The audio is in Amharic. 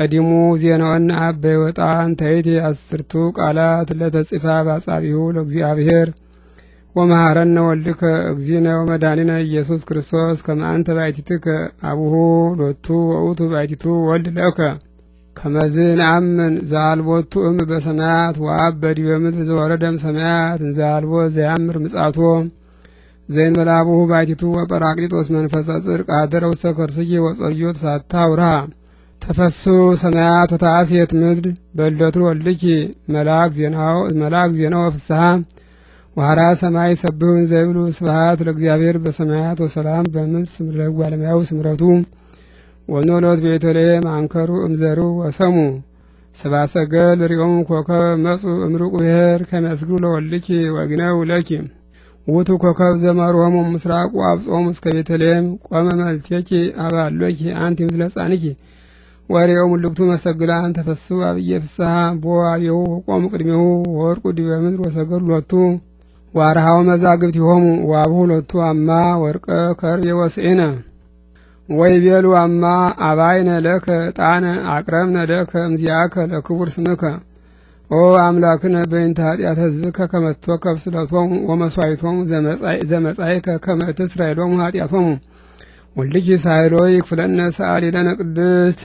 ቀዲሙ ዜናውን አብ በይወጣ እንታይት አስርቱ ቃላት ለተጽፋ ባጻቢሁ ለእግዚአብሔር ወመሐረነ ወልድከ እግዚእነ ወመድኃኒነ ኢየሱስ ክርስቶስ ከመ አንተ ባሕቲትከ አቡሁ ሎቱ ወውቱ ባሕቲቱ ወልድ ለከ ከመዝ ነአምን ዘአልቦቱ እም በሰማያት ወአብ በዲበ ምድር ዘወረደ እምሰማያት እንዘ ዘያምር ምጻቶ ዘእንበለ አቡሁ ባሕቲቱ ወጰራቅሊጦስ መንፈሰ ጽድቅ አደረ ውስተ ከርስዬ ወጸርዮ ተሳታ ውርሃ ተፈሱ ሰማያት ወታሴት ምድር በለቱ ወልኪ መልአክ ዜናው መልአክ ዜናው ፍስሐ ዋራ ሰማይ ሰብህን ዘይብሉ ስብሃት ለእግዚአብሔር በሰማያት ወሰላም በምድር ስምረው ዓለማዊ ስምረቱ ወኖሎት ቤተልሔም አንከሩ እምዘሩ ወሰሙ ሰባሰገል ሪኦም ኮከብ መጹ እምርቁ ብሔር ከሚያስግሩ ለወልኪ ወግነው ለኪ ውቱ ኮከብ ዘመሮሙ ምስራቁ አብጾም እስከ ቤተልሔም ቆመ መልቴኪ አባሎኪ አንቲ ምስለ ጻንኪ ወሬው ሙልክቱ መሰግላን ተፈሱ አብየ ፍስሐ ቦ አብየው ቆሙ ቅድሜው ወርቁ ዲበ ምድር ወሰገዱ ሎቱ ዋርሃው መዛግብት ይሆሙ ዋብሁ ሎቱ አማ ወርቀ ከርቤ ወስእነ ወይ ቤሉ አማ አባይነ ለከ ጣነ አቅረብነ ለከ እምዚአከ ለክቡር ስምከ ኦ አምላክነ በይንተ ኃጢአት ህዝብከ ከመቶ ከብስለቶም ወመሥዋዕቶም ዘመጻይከ ከመት እስራኤሎም ኃጢአቶም ወልጅ ሳይሎ ይክፍለነ ሰአሊ ለነ ቅድስት